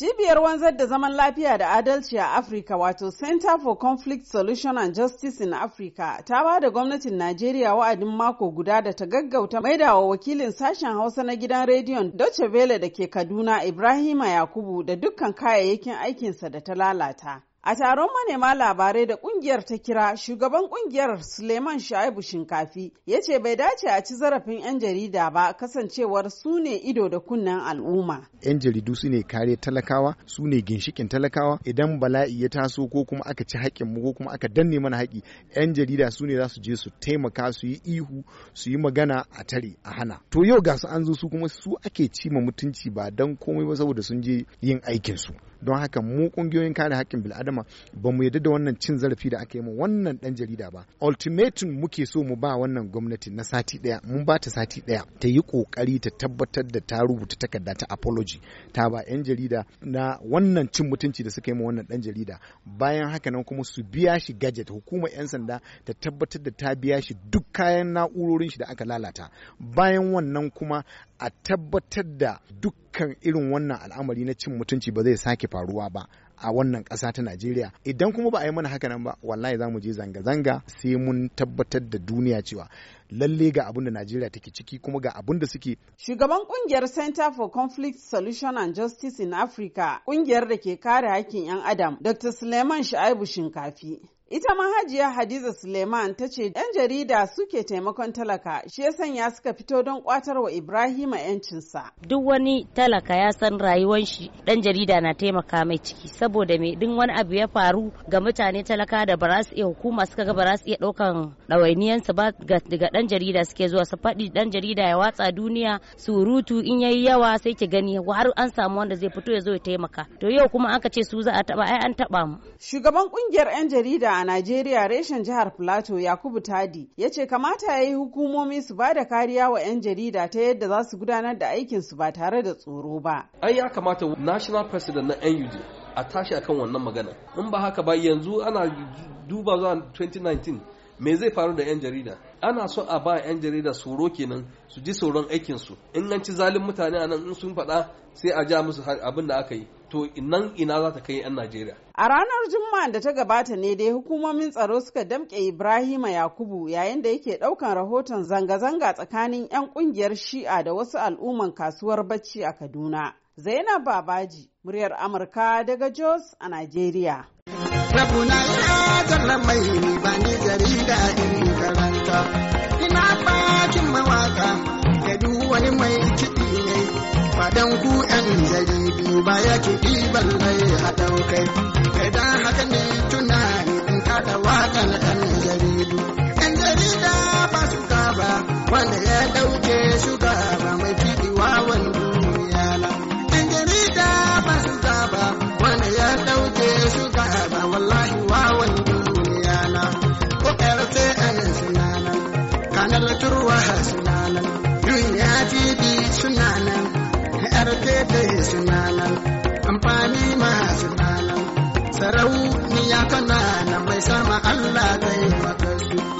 Cibiyar wanzar da zaman lafiya da adalci a Afirka wato Center for Conflict Solution and Justice in Africa ta ba da gwamnatin Najeriya wa'adin mako guda da ta gaggauta wa wakilin sashen Hausa na gidan rediyon Deutsche Welle da ke Kaduna Ibrahima Yakubu da dukkan kayayyakin aikinsa da ta lalata. A taron manema labarai da kungiyar ta kira shugaban kungiyar Suleiman Shaibu Shinkafi ya ce bai dace a ci zarafin 'yan jarida ba kasancewar su ne ido da kunnen al'umma. 'Yan jaridu su ne kare talakawa su ne ginshikin talakawa idan bala'i ya taso ko kuma aka ci haƙƙin mu ko kuma aka danne mana haƙƙi 'yan jarida su ne za su je su taimaka su yi ihu su yi magana a tare a hana. To yau ga su an zo su kuma su ake ci ma mutunci ba don komai ba saboda sun je yin aikinsu. don haka mu kungiyoyin kare haƙƙin bil'adama ba mu yadda da wannan cin zarafi da aka yi mu wannan dan jarida ba ultimatum muke so mu ba wannan gwamnati na sati ɗaya, mun ba ta sati ɗaya. ta yi kokari ta tabbatar da ta rubuta takarda ta apology ta ba yan jarida na wannan cin mutunci da suka yi mu wannan dan jarida bayan haka nan kuma su biya shi gadget hukumar yan sanda ta tabbatar da ta biya shi duk kayan na'urorin shi da aka lalata bayan wannan kuma a tabbatar da duk dukkan irin wannan al'amari na cin mutunci ba zai sake faruwa ba a wannan ƙasa ta Najeriya idan kuma ba a yi mana haka nan ba wallahi za mu je zanga-zanga sai mun tabbatar da duniya cewa lalle ga abin da Najeriya take ciki kuma ga abin da suke. Shugaban kungiyar Center for Conflict Solution and Justice in Africa kungiyar da ke kare hakkin 'yan Adam Dr. Suleiman Sha'ibu Shinkafi Ita mahajiya Hadiza Suleiman ta ce ‘yan jarida suke taimakon talaka shi ya sanya suka fito don kwatar wa Ibrahima ‘yancinsa. Duk wani talaka ya san rayuwan shi ɗan jarida na taimaka mai ciki saboda mai duk wani abu ya faru ga mutane talaka da ba su iya hukuma suka ga ba su iya ɗaukan ɗawainiyansa ba daga ɗan jarida suke zuwa su faɗi ɗan jarida ya watsa duniya surutu in yayi yawa sai ki gani har an samu wanda zai fito ya zo ya taimaka. To yau kuma aka ce su za a taɓa ai an taɓa mu. Shugaban ƙungiyar ‘yan jarida a Najeriya reshen jihar Plateau Yakubu Tadi ya ce kamata ya yi hukumomi su ba da kariya wa 'yan jarida ta yadda za su gudanar da aikinsu ba tare da tsoro ba. Ai ya kamata National President na NUD a tashi akan wannan magana. In ba haka ba yanzu ana duba zuwa 2019 me zai faru da 'yan jarida ana so a ba 'yan jarida tsoro kenan su ji tsoron aikinsu in an ci zalin mutane a nan in sun faɗa sai a ja musu abin da aka yi to nan ina za ta kai 'yan najeriya a ranar juma'a da ta gabata ne dai hukumomin tsaro suka damƙe ibrahima yakubu yayin da yake ɗaukan rahoton zanga-zanga tsakanin 'yan ƙungiyar shi'a da wasu al'umman kasuwar bacci a kaduna zainab babaji muryar amurka daga jos a najeriya Rabu na ya mai ba dan ku yan zari biyu ba ya ke ɗiban mai haɗau kai idan haka ne ne in kaɗa waƙar yan jaridu yan jarida ba su ba wanda ya ɗauke su ba mai fiɗi wawan duniya la yan jarida ba su ba wanda ya ɗauke su ba wallahi wani duniya la ko ƙarfe an sunanan kanar turwa sunanan duniya fiɗi sunanan yar da sunana amfani